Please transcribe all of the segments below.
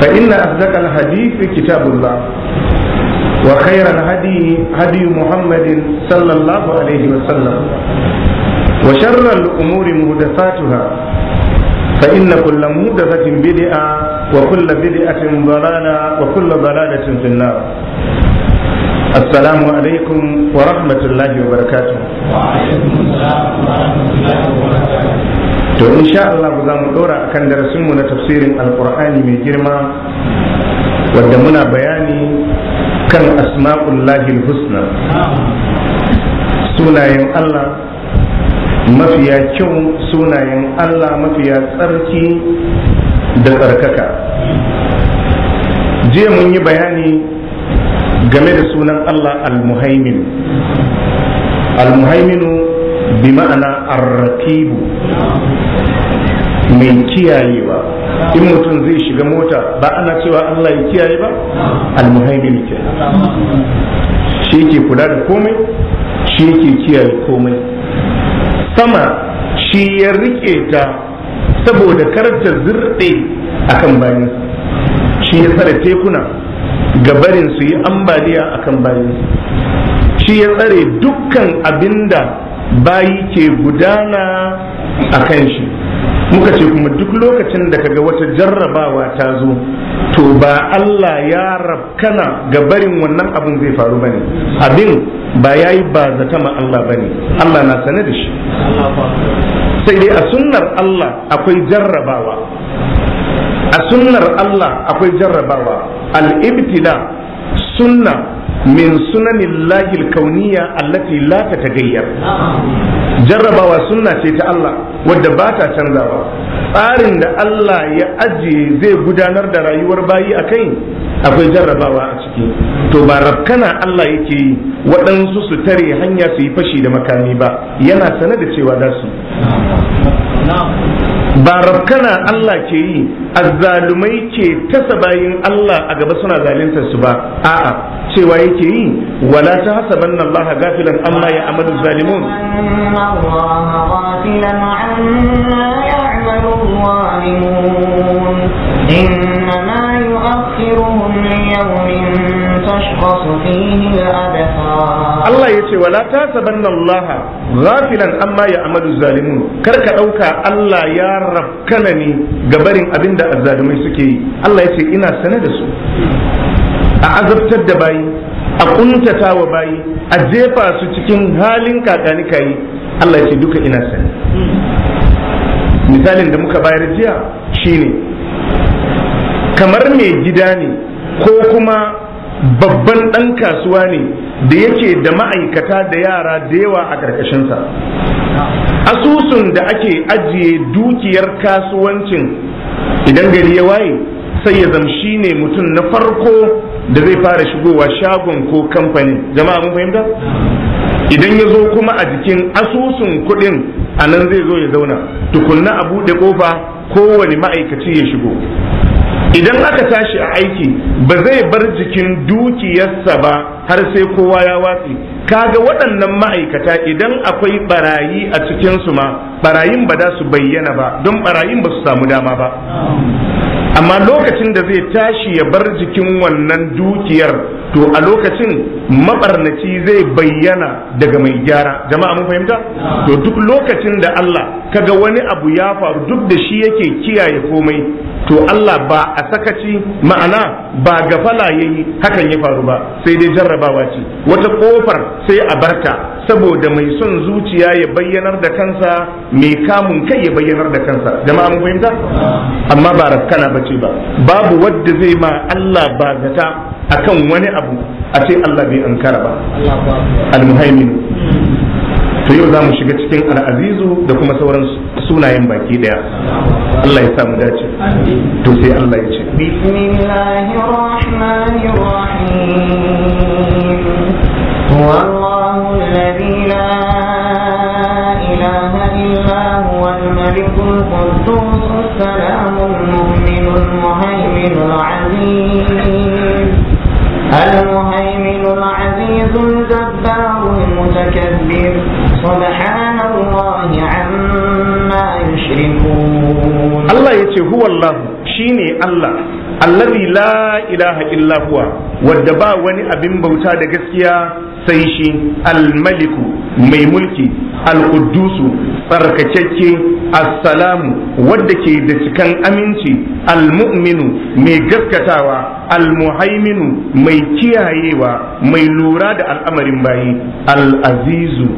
فإن أصدق الحديث كتاب الله وخير الهدي هدي محمد صلى الله عليه وسلم وشر الأمور محدثاتها فإن كل محدثة بدعة وكل بدعة ضلالة وكل ضلالة في النار السلام عليكم ورحمة الله وبركاته وعليكم السلام to insha Allah za mu dora akan darasin mu na tafsirin alqur'ani mai girma wanda muna bayani kan asma'ullahi husna sunayen Allah mafiya kyau sunayen Allah mafiya tsarki da tsarkaka jiya mun yi bayani game da sunan Allah al-muhaimin al-muhaiminu bi ma'ana arrakibu mai kiyayewa in mutum zai shiga mota ba ana cewa Allah ya kiyaye ba almuhaimin ke shi ke kula da komai shi ke kiyaye komai sama shi ya rike ta saboda karta zirɗe akan bayan shi ya tsare tekuna gabarin su yi ambaliya akan bayan shi ya tsare dukkan abinda bayi ke gudana a kan shi muka ce kuma duk lokacin da kaga wata jarrabawa ta zo to ba Allah ya rabkana ga barin wannan abin zai faru bane abin ba ya yi ba zata ma Allah bane Allah na sane da shi sai dai a sunnar Allah akwai jarrabawa a sunnar Allah akwai jarrabawa al-ibtila sunna min sunanin lahil kauniya allati la ta tagayyar jarrabawa sunna ce ta Allah wadda ba ta canzawa tsarin da Allah ya ajiye zai gudanar da rayuwar bayi a kai akwai jarrabawa a ciki to ba rafkana Allah yake yi waɗansu su tare hanya su yi fashi da makami ba yana sanar da cewa za su ba Allah ke yi azzalumai ce ta sabayin Allah a gaba suna zalinta su ba a'a cewa yake yi wala ta hasabanna Allah gafilan amma ya amalu zalimun إنما يؤخرهم ليوم Allah ya ce wala ta sabanna Allah rafilan amma ya amalu zalimun karka dauka Allah ya rabkana ni ga barin abinda azzalimai suke yi Allah ya ce ina sane da su a azabtar da bayi a kuntata wa bayi a jefa su cikin halin kakani kai Allah ya ce duka ina sane misalin da muka bayar jiya shine kamar mai gida ne ko kuma babban ɗan kasuwa ne da yake da ma'aikata da yara da yawa a ƙarƙashinsa asusun da ake ajiye dukiyar kasuwancin idan gari ya waye sai ya zamshi ne mutum na farko da zai fara shigowa shagon ko kamfani. jama'a mun fahimta idan ya zo kuma a jikin asusun kuɗin a nan zai zo ya zauna tukunna a buɗe ƙofa kowane ma'aikaci ya shigo idan aka tashi a aiki ba zai bar jikin dukiyarsa ba har sai kowa ya watsi kaga waɗannan ma'aikata idan akwai barayi a cikinsu ma barayin ba za su bayyana ba don barayin ba su samu dama ba amma lokacin da zai tashi ya bar jikin wannan dukiyar to a lokacin mabarnaci zai bayyana daga mai gyara jama'a mun fahimta to duk lokacin da Allah kaga wani abu ya faru duk da shi yake kiyaye komai to Allah ba a sakaci ma'ana ba gafala yi hakan ya faru ba sai dai jarrabawa ce wata kofar sai a barta saboda mai son zuciya ya bayyanar da kansa mai kamun kai ya bayyanar da kansa jama'a mun fahimta amma ba rakkana bace ba babu wadda zai ma Allah ba zata akan wani abu a ce Allah bai ankara ba al-muhaimin to yau za mu shiga cikin al'azizu da kuma sauransu sunayen baki daya Allah ya samu dace to sai Allah ya ce المهيمن العزيز الجبار المتكبر سبحان الله عما Allah ya ce huwallahu shi ne Allah. Allallaɓe la ilaha illa huwa, wadda ba wani abin bauta da gaskiya sai shi, al-maliku, mai mulki, al-kuddusu, tsarkaceki, asalamu, wadda ke da cikan aminci, al-muminu, mai gaskatawa, al-muhaminu, mai kiyayewa, mai lura da al'amarin bayi, al-azizu,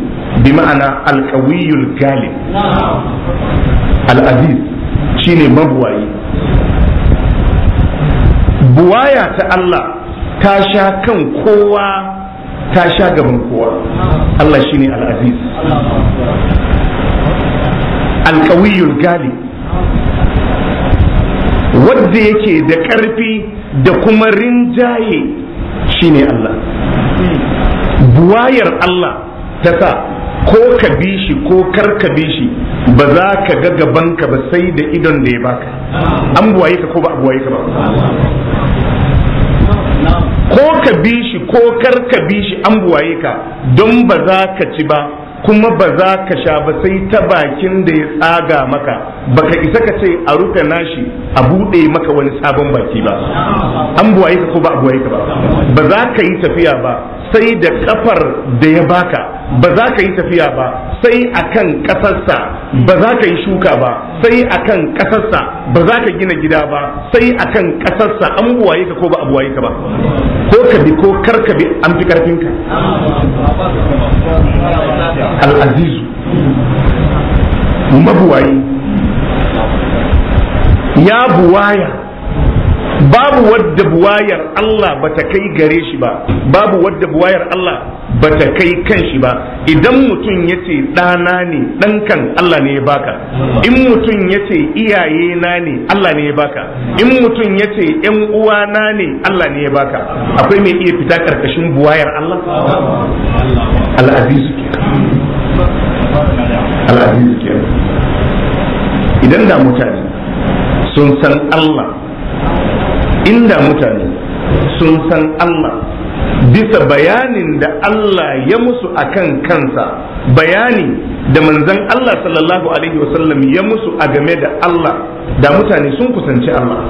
bi ma'ana al-ƙawwiyul al-aziz shine mabuwayi buwaya ta Allah ta sha kan kowa ta sha gaban kowa Allah shine al-aziz al gali wanda yake da ƙarfi da kuma rinjaye shine Allah buwayar Allah ta sa ko ka bi shi ko kar ka bi shi ba za ka ga gabanka ba sai da idon da ya baka an buwaye ka ko ba buwaye ka ba ko ka bi shi ko kar ka bi shi an buwaye ka don ba za ka ci ba kuma ba za ka sha ba sai ta bakin da ya tsaga maka baka isa ka ce a rufe nashi a buɗe maka wani sabon baki ba an buwaye ka ko ba buwaye ka ba ba za ka yi tafiya ba sai da kafar da ya baka ba za ka yi tafiya ba sai akan kasarsa ba za ka yi shuka ba sai akan kasarsa ba za ka gina gida ba sai akan kasarsa an buwaye ka ko ba buwaye ka ba ko ka bi ko kar ka bi an fi ƙarfinka. al'azizu mabuwayi ya buwaya babu wadda buwayar Allah ba ta kai gare shi ba babu wadda buwayar Allah ba ta kai kan shi ba idan mutum ya ce ɗana ne ɗankan Allah ne ya baka in mutum ya ce iyaye na ne Allah ne ya baka in mutum ya ce ‘yan uwa na ne Allah ne ya baka akwai mai iya fita ƙarƙashin buwayar Allah Al’adizu ke idan da mutane sun san Allah inda mutane sun san Allah bisa bayanin da Allah ya musu akan kansa bayani da manzan Allah sallallahu alaihi wasallam ya musu a game da Allah da mutane sun kusanci Allah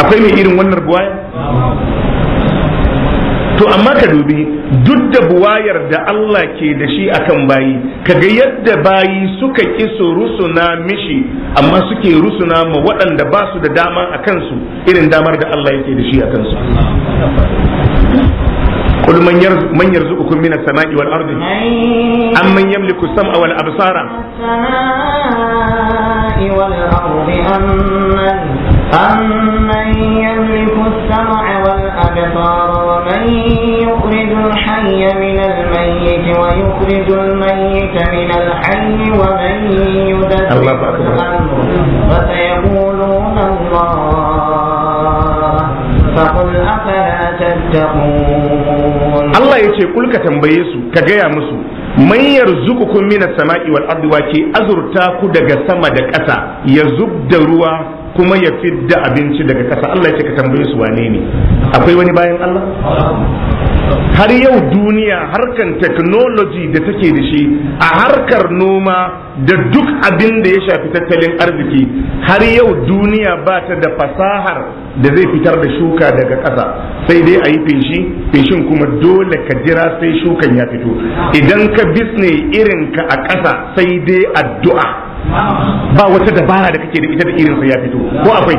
akwai mai irin wannan ruwaya? to amma ka dubi duk da buwayar da Allah ke da shi akan bayi kaga yadda bayi suka ki su rusuna mishi amma suke rusuna ma waɗanda ba su da dama a kansu irin damar da Allah yake da shi a kansu قل من يرزق من يرزقكم من السماء والارض ام من يملك السمع والابصار والارض امن امن يملك السمع قطار ومن يخرج الحي من الميت ويخرج الميت من الحي ومن يدبر الأمر فسيقولون الله فقل أفلا تتقون الله يتي قل كتنبيسو كجايا مسو man yarzuqukum minas sama'i wal ardi wace azurta ku daga sama da ƙasa kuma ya fidda abinci daga ƙasa Allah ya ce ka tambaye su wane ne akwai wani bayan Allah har yau duniya harkar technology da take da shi a harkar noma da duk abin da ya shafi tattalin arziki har yau duniya ba ta da fasahar da zai fitar da shuka daga ƙasa sai dai a yi feshi kuma dole ka jira sai shukan ya fito idan ka bisne irinka a ƙasa sai dai addu'a ba wata dabara da kake da ita da irin ya fito ko akwai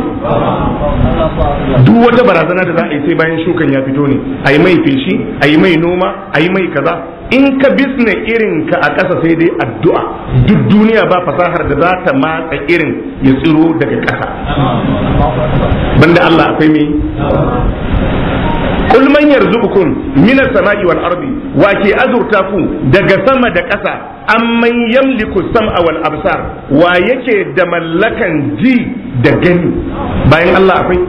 duk wata barazana da za a yi sai bayan shukan ya fito ne a yi mai feshi a yi mai noma a yi mai kaza in ka bisne irin ka a ƙasa sai dai addu'a duk duniya ba fasahar da za ta matsa irin ya tsiro daga ƙasa banda Allah akwai mai kul man yarzuqukum minas sama'i wal ardi wa ke azurta ku daga sama da ƙasa amman yamliku sam'a wal absar wa yake da mallakan ji da gani bayan Allah akwai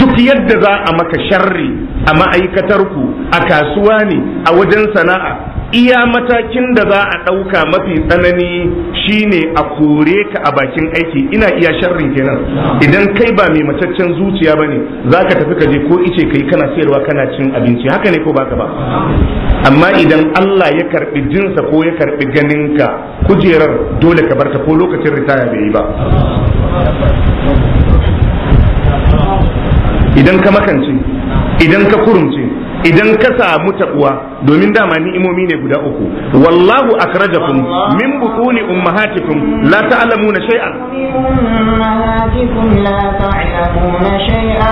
duk yadda za a maka sharri a ma'aikatarku a kasuwa ne a wajen sana'a iya matakin da za a ɗauka mafi tsanani shine a kore ka a bakin aiki ina iya sharrin kenan idan kai ba mai mataccen zuciya bane za ka tafi ka je ko ice kai kana sayarwa kana cin abinci haka ne ko baka ba amma idan Allah ya karbi jinsa ko ya karbi ganinka kujerar dole ka barta ko lokacin ritaya bai yi ba idan ka makance idan ka kurumce idan ka samu taɓuwa domin dama ni'imomi ne guda uku wallahu akhrajakum min butuni ummahatikum la ummahatikum la ta'lamuna shay'an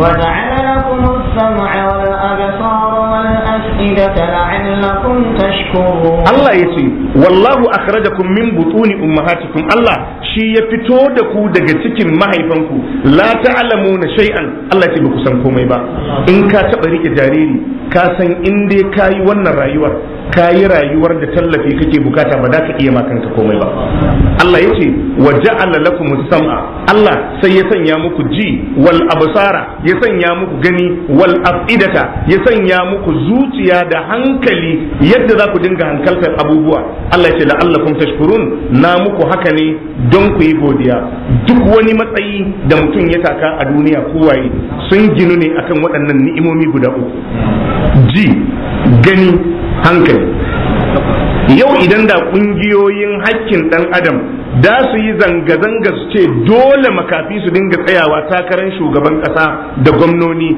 wa ja'ala lakum as-sam'a Allah ya ce, Wallahu akhrajakum min butuni ummahatikum Allah shi ya fito da ku daga cikin mahaifanku, la ta'lamu na shai'an Allah ya ce ba ku san komai ba. In ka taɓa riƙe jariri, ka san inda ka yi wannan rayuwar, ka yi rayuwar da tallafi kake bukata ba za ka iya makanka komai ba Allah ya ce wa ja'ala lakum sam'a Allah sai ya sanya muku ji wal absara ya sanya muku gani wal afidata ya sanya muku zuciya da hankali yadda za ku dinga hankaltar abubuwa Allah ya ce la'allakum tashkurun na muku haka ne don ku yi godiya duk wani matsayi da mutum ya taka a duniya kowaye sun ginu ne akan waɗannan ni'imomi guda uku ji gani hankali yau idan da kungiyoyin hakkin ɗan adam da su yi zanga-zanga su ce dole makafi su dinga tsayawa takarar shugaban kasa da gwamnoni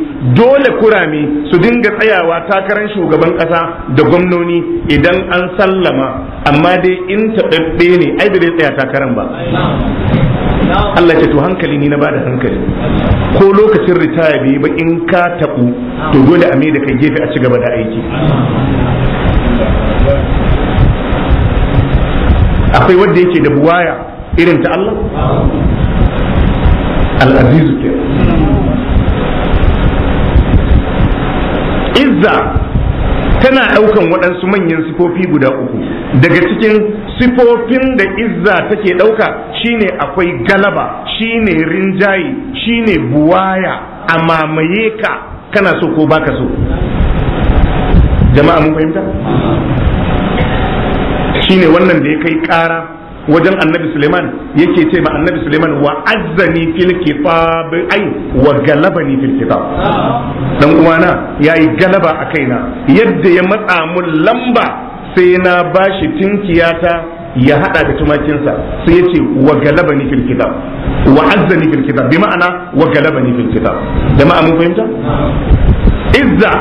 dole kurame su dinga tsayawa takarar shugaban kasa da gwamnoni idan an sallama amma dai in taɓaɓɓe ne ai da zai tsaya takarar ba Allah ce to hankali ni na bada hankali ko lokacin ritaya bai ba in ka taɓu to dole a mai da kai gefe a ci gaba da aiki akwai wanda yake da buwaya irin ta Allah al'azizu ke izza tana ɗaukan waɗansu manyan sifofi guda uku daga cikin sifofin da izza take ɗauka shine akwai galaba shine rinjaye shine buwaya a mamaye ka kana so ko baka so jama'a mun fahimta shine wannan da ya kai ƙara wajen annabi suleiman yake ce ma annabi suleiman wa azzani fil kitab ai wa galabani fil kitab dan uwana yayi galaba a kaina yadda ya matsa mun lamba sai na bashi tinkiyata ya hada da tumakinsa sai yace ce wa galaba ni fil kitab wa fil kitab bi ma'ana wa galaba ni fil kitab jama'a mun fahimta izza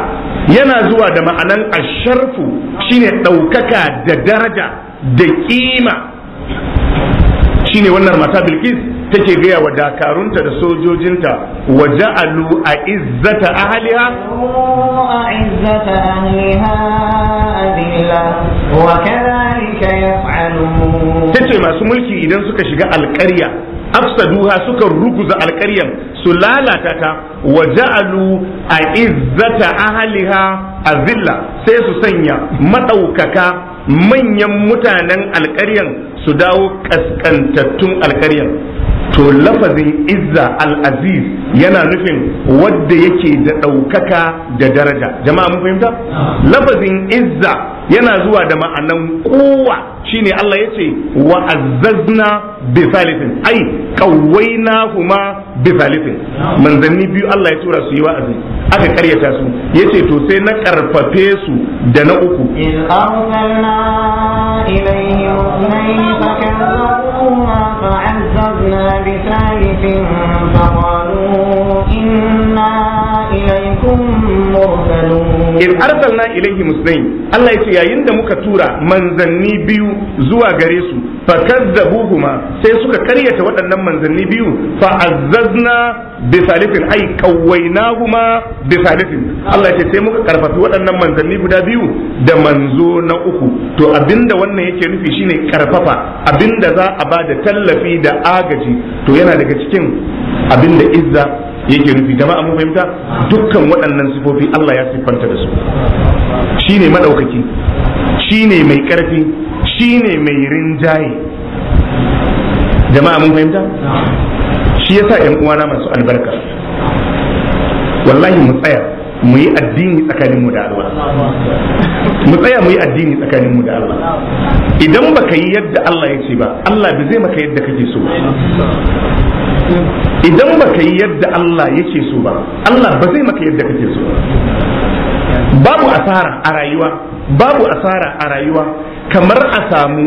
yana zuwa da ma'anan asharfu shine ɗaukaka da daraja da kima shine wannan mata bilkis take gaya wa dakarunta da sojojinta wa ja'alu a izzata ahliha a izzata ahliha adilla wa kadhalika yaf'alun tace masu mulki idan suka shiga alƙarya afsaduha sukan ruguza alƙaryar su lalata ta wa ja'alu a izzata ahliha azilla sai su sanya maɗaukaka manyan mutanen alƙaryan su dawo kaskantattun alƙaryan to lafazin izza al yana nufin wadda yake da ɗaukaka da daraja jama'a mun fahimta lafazin izza yana zuwa da ma'anan kowa shine Allah ya ce wa azzazna bi thalithin ai kawaina huma bi thalithin manzanni biyu Allah ya tura su yi wa'azi aka karyata su yace to sai na karfafe su da na uku in in arsalna ilaihi musulmi Allah ya ce yayin da muka tura manzanni biyu zuwa gare su fa kazzabuhuma sai suka karyata waɗannan manzanni biyu fa azzazna bi salifin ai huma bi salifin Allah ya ce sai muka karfafi waɗannan manzanni guda biyu da manzo na uku to abinda wannan yake nufi shine karfafa abinda za a ba da tallafi da agaji to yana daga cikin abinda izza yake nufi jama'a mun fahimta dukkan waɗannan sifofi Allah ya siffanta da su shine madaukaki shine mai karfi shine mai rinjaye jama'a mun fahimta shi yasa yan uwana masu albarka wallahi mu tsaya mu yi addini tsakaninmu da Allah mu tsaya mu yi addini tsakaninmu da Allah idan baka yi yadda Allah ya ce ba Allah ba zai maka yadda kake so idan baka yi yadda Allah yake so ba Allah ba zai maka yadda kake so babu asara a rayuwa babu asara a rayuwa kamar a samu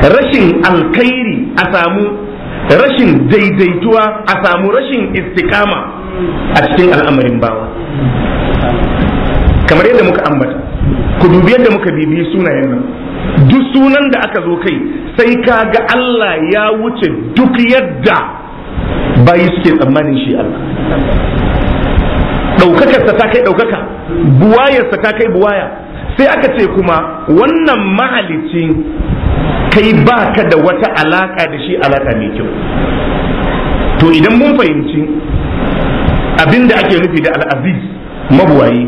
rashin alkhairi a samu rashin daidaituwa a samu rashin istikama a cikin al'amarin bawa kamar yadda muka ambata ku dubi yadda muka bibi sunayen nan duk sunan da aka zo kai sai ka ga Allah ya wuce duk yadda bayi suke tsammanin shi Allah ɗaukakarsa ta kai ɗaukaka buwayarsa ta kai buwaya sai aka ce kuma wannan mahalicci kai ba ka da wata alaka da shi alaka mai kyau to idan mun fahimci abinda ake nufi da al'aziz mabuwayi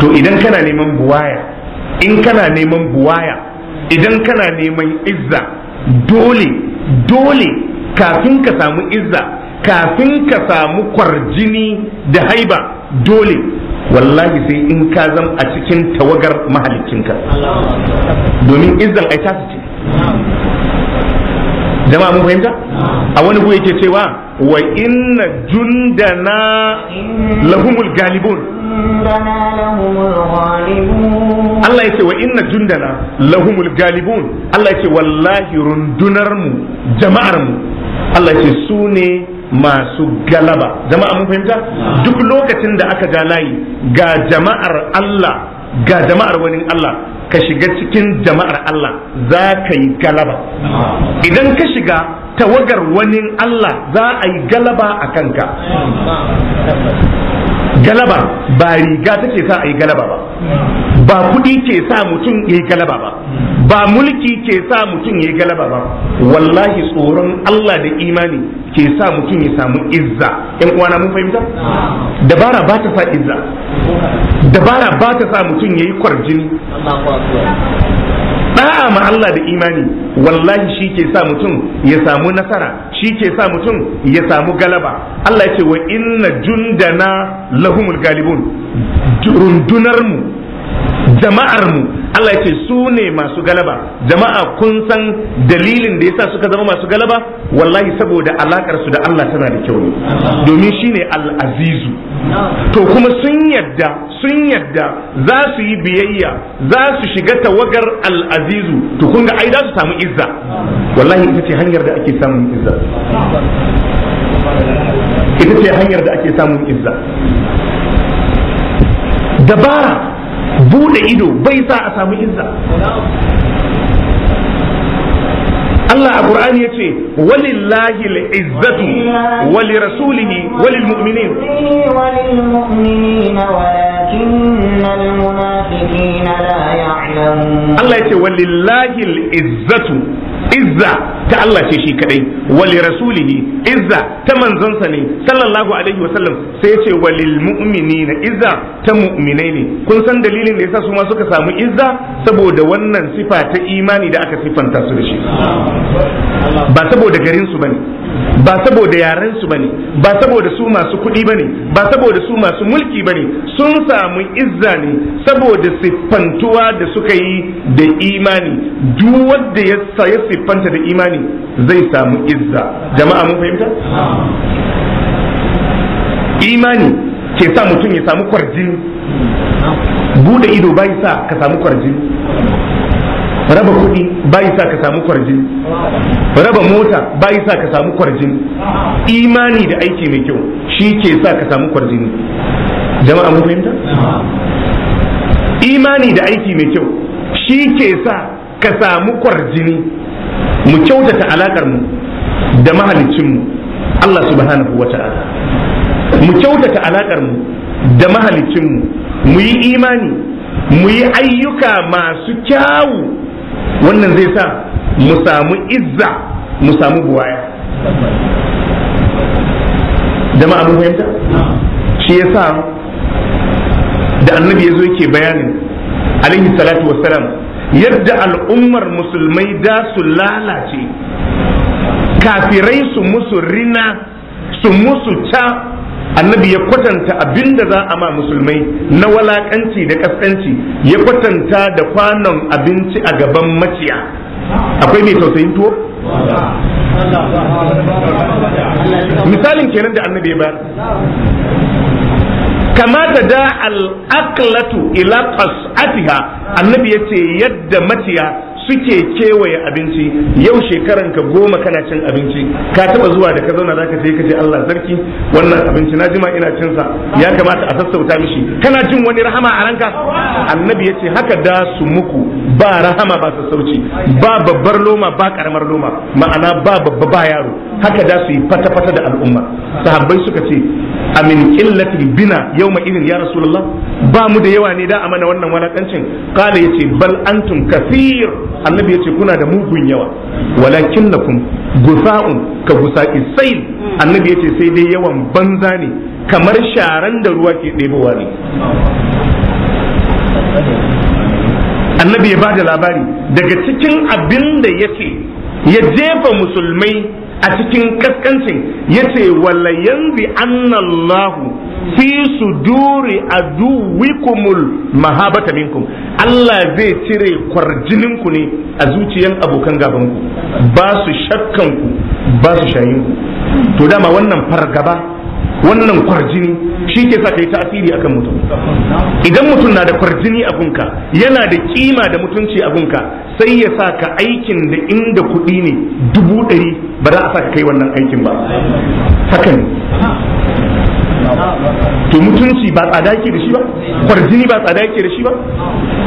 to idan kana neman buwaya in kana neman buwaya idan kana neman izza dole dole kafin ka samu izza kafin ka samu kwarjini da haiba dole wallahi sai in ka zam a cikin tawagar mahalicinka domin izzan ai su ce jama'a mun fahimta a wani gu yake cewa wa inna jundana lahumul galibun Allah ya ce wa inna jundana lahumul galibun Allah ya ce wallahi rundunar mu jama'ar mu Allah ya ce su ne masu galaba jama'a mun fahimta duk lokacin da aka ga layi ga jama'ar Allah ga jama'ar wani Allah ka shiga cikin jama'ar Allah za ka yi galaba idan ka shiga tawagar wani Allah za a yi galaba a kanka galaba ba riga take sa a yi galaba ba ba kuɗi ke sa mutum ya yi galaba ba ba mulki ke sa mutum ya galaba ba wallahi tsoron Allah da imani ke sa mutum ya samu izza ɗan uwana mun fahimta dabara ba ta sa izza dabara ba ta sa mutum ya yi kwarjini da'a ma Allah da imani wallahi shi ke sa mutum ya samu nasara shi ke sa mutum ya samu galaba Allah ya ce wa inna jundana lahumul galibun rundunar mu jama'ar mu Allah ya ce su ne masu galaba jama'a kun san dalilin da yasa suka zama masu galaba wallahi saboda alakar su da Allah tana da kyau domin shine al-azizu to kuma sun yadda sun yadda za su yi biyayya za su shiga tawagar al-azizu to kun ga ai za su samu izza wallahi ita ce hanyar da ake samun izza ita ce hanyar da ake samun izza dabara bude ido bai sa a samu izza Allah a Qur'ani yace walillahi al wa li rasulihi wa lil mu'minin Allah yace walillahi al-izzatu izza ta Allah ce shi kadai wali rasulihi izza ta manzonsa ne sallallahu alaihi wasallam sai ce walil mu'minina izza ta mu'minai ne kun san dalilin da yasa su ma suka samu izza saboda wannan sifa ta imani da aka sifanta su da shi ba saboda garin su bane ba saboda yaren su bane ba saboda su masu kuɗi bane ba saboda su masu mulki bane sun samu izza ne saboda siffantuwa da suka yi da imani duk wanda ya siffanta da imani zai samu izza jama'a mun fahimta imani ke sa mutum ya samu kwarjini bude ido bai sa ka samu kwarjini raba kuɗi bai sa ka samu kwarjini raba mota bai sa ka samu kwarjini imani da aiki mai kyau shi ke sa ka samu kwarjini jama'a mun fahimta imani da aiki mai kyau shi ke sa ka samu kwarjini mu kyautata alakar mu da mahalicin mu Allah subhanahu wa ta'ala mu kyautata alakar mu da mahalicin mu mu yi imani mu yi ayyuka masu kyawu wannan zai sa mu samu izza mu samu buwaya Dama abin fahimta shi ya sa da annabi ya zo yake bayanin alaihi salatu wassalam yadda al'ummar musulmai da su lalace kafirai su musu rina su musu ta annabi ya kwatanta abinda za a ma musulmai na walakanci da kaskanci ya kwatanta da kwanon abinci a gaban maciya akwai mai tausayin tuwo misalin kenan da annabi ba kamata da al'aklatu ila qas'atiha annabi yace yadda maciya suke kewaye abinci yau shekaran ka goma kana cin abinci ka taba zuwa da ka zauna zaka je ka ce Allah sarki wannan abinci na jima ina cin sa ya kamata a sassauta mishi kana jin wani rahama a ranka annabi yace haka da su muku ba rahama ba sassauci ba babbar loma ba karamar loma ma'ana ba babba ba yaro haka da su yi fata fata da al'umma sahabbai suka ce amin qillatin bina yawma idin ya rasulullah ba mu da yawa ne da amana wannan walakancin qala yace bal antum kafir annabi yace kuna da mugun yawa walakinnakum gusa'un ka gusa'i sai annabi yace sai dai yawan banza ne kamar sharan da ruwa ke ɗebowa ne annabi ya bada labari daga cikin abin da yace ya jefa musulmai a cikin kaskancin yace wala yanzu annallahu fi a duwikumul mahabata minkum Allah zai cire kwarjininku ne a zuciyan abokan gabanku, ba su shakkan ba su shayinku. to dama wannan fargaba wannan kwarjini shi ke sa ka yi tasiri akan mutum idan mutum na da kwarjini a gunka yana da kima da mutunci a gunka sai ya sa ka aikin da inda kuɗi ne dubu ɗari ba za a sa ka kai wannan aikin ba haka to mutunci ba tsada yake da shi ba kwarjini ba tsada yake da shi ba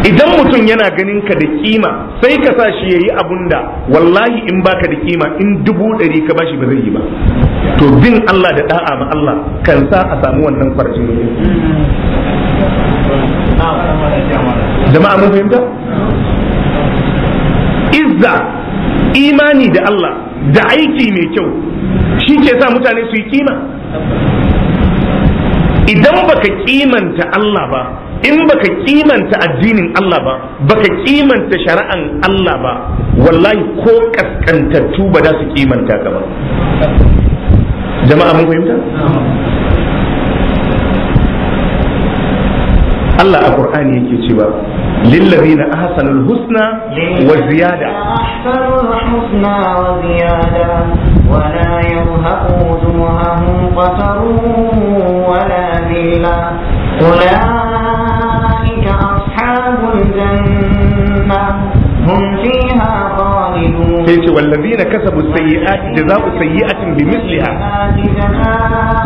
idan mutum yana ganin ka da kima sai ka sa shi yayi abun da wallahi in baka da kima in dubu ɗari ka bashi ba zai yi ba to bin Allah da da'a ma Allah kan sa a samu wannan kwarjini jama'a mun fahimta izza imani da Allah da aiki mai kyau shi ke sa mutane su yi kima idan baka kimanta Allah ba in baka kimanta addinin Allah ba baka kimanta shari'an Allah ba wallahi ko kaskantattu ba za su kimanta ka ba jama'a mun fahimta Allah a Qur'ani yake cewa للذين أحسنوا الحسنى والزيادة أحسنوا الحسنى وزيادة ولا يرهق وجوههم قتر ولا سبيلا أولئك أصحاب الجنة هم فيها خالدون سيتي والذين كسبوا السيئات جزاء سيئة بمثلها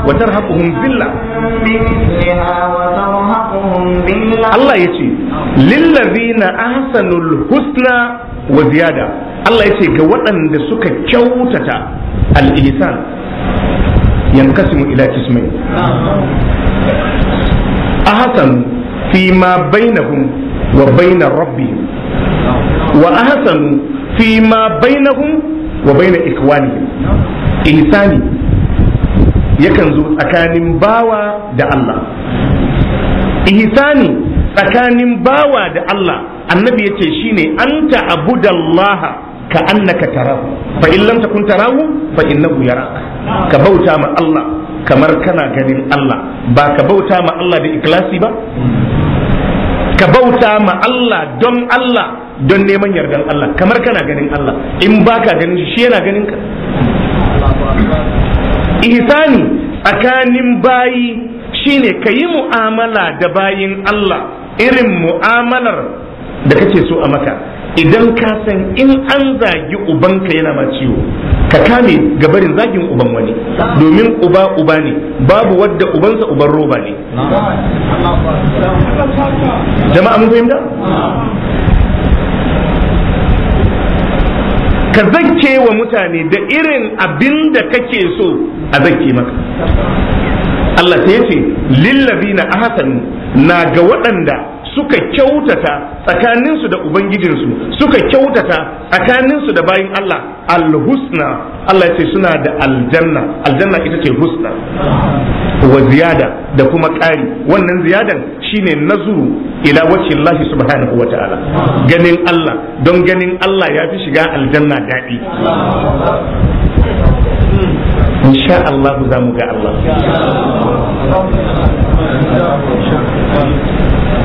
وترهقهم ذلة بمثلها وترهقهم ذلة الله يتي للذين أحسنوا الحسنى وزيادة Allah ya ce ga waɗanda suka kyautata al'isan yankasimu ila kismai ahsanu fi ma bainahum wa bain rabbihim wa ahsanu fi ma bainahum wa bain ikwanihim ihsani yakan zo tsakanin bawa da Allah ihsani tsakanin bawa da Allah annabi yace shine anta abudallaha ka annaka tarahu fa in lam takun tarahu fa innahu yaraka ka bauta ma Allah kamar kana ganin Allah ba ka bauta ma Allah da ikhlasi ba ka bauta ma Allah don Allah don neman yardan Allah kamar kana ganin Allah in ba ka ganin shi shi yana ganin ka ihsani tsakanin bayi shine ka yi mu'amala da bayin Allah irin mu'amalar da kake so a maka idan ka san in an zagi ubanka yana ma ciwo ka kame gabarin zagin uban wani domin uba uba ne babu wadda ubansa uban roba ne jama'a mun fahimta ka zakke wa mutane da irin abin da kake so a zake maka Allah ta yace lillazina ahsanu na ga waɗanda suka kyautata tsakaninsu da ubangijinsu suka kyautata tsakaninsu da bayin Allah alhusna Allah ya ce suna da aljanna aljanna ita ce husna wa ziyada da kuma ƙari wannan ziyadan shine nazuru ila wacce Allah subhanahu wa ta'ala ganin Allah don ganin Allah ya fi shiga aljanna daɗi insha Allah za mu ga Allah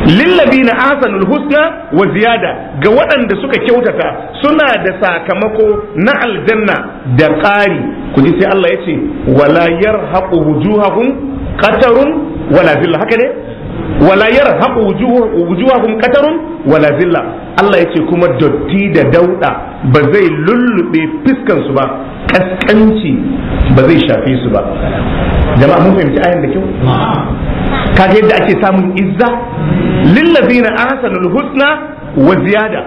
lillabina asanul husna wa ziyada ga waɗanda suka kyautata suna da sakamako na aljanna da ƙari ku ji sai Allah ya ce wala yarhaqu wujuhahum qatarun wala zilla haka ne wala yarhaqu wujuhahum qatarun wala zilla Allah ya ce kuma dotti da dauda ba zai lullube fiskan su ba kaskanci ba zai shafe su ba jama'a mun fahimci ayan da kyau kaga yadda ake samun izza lillazina ahsanul husna wa ziyada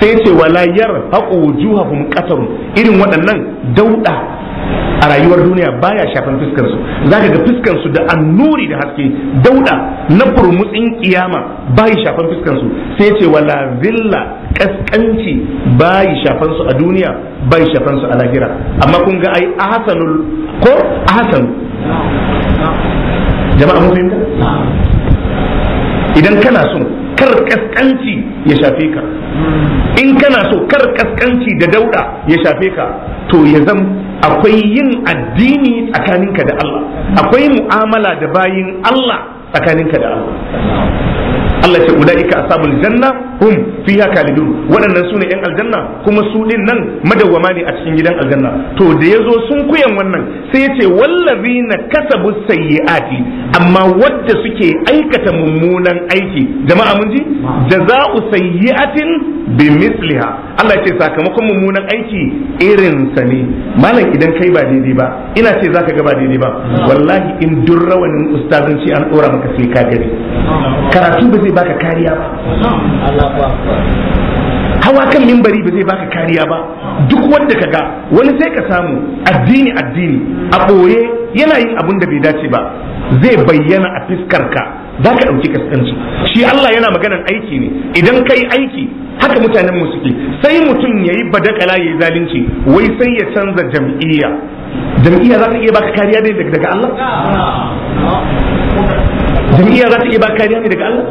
sai ce wala yarhaqu wujuhahum qatar irin waɗannan dauda a rayuwar duniya baya shafan fuskar su zaka ga fuskar su da annuri da haske dauda na furmutsin kiyama bai shafan fuskar su sai ce wala zilla kaskanci bai shafan su a duniya bai shafan su a lahira amma kun ga ai ahsanul ko ahsan jama'a mun fahimta idan kana so kar kaskanci ya shafe ka in kana so kar kaskanci da dauda ya shafe ka to ya zam akwai yin addini tsakaninka da Allah akwai mu'amala da bayin Allah tsakaninka da Allah Allah ce ulaika ashabul janna hum fiha kalidun waɗannan ne yan aljanna kuma su ɗin nan madawwama ne a cikin gidan aljanna to da ya zo sun kuyan wannan sai ya ce na kasabu sayyiati amma wadda suke aikata mummunan aiki jama'a mun ji jaza'u sayyi'atin misliha Allah ce sakamakon mummunan aiki irin sa ne malam idan kai ba daidai ba ina ce zaka ga ba daidai ba wallahi in duk rawanin ustazanci an dora maka sai ka gari karatu ba zai baka kariya ba hawa kan mimbari ba zai baka kariya ba duk wanda ka ga wani sai ka samu addini addini a ɓoye yana yin abin da bai dace ba zai bayyana a fiskar ka za ka ɗauki kaskanci shi Allah yana maganar aiki ne idan ka yi aiki haka mutanen mu suke sai mutum ya yi badakala ya yi zalunci wai sai ya canza jam'iyya jam'iyya za ta iya baka kariya ne daga Allah jam'iyya za ta iya ba kariya ne daga Allah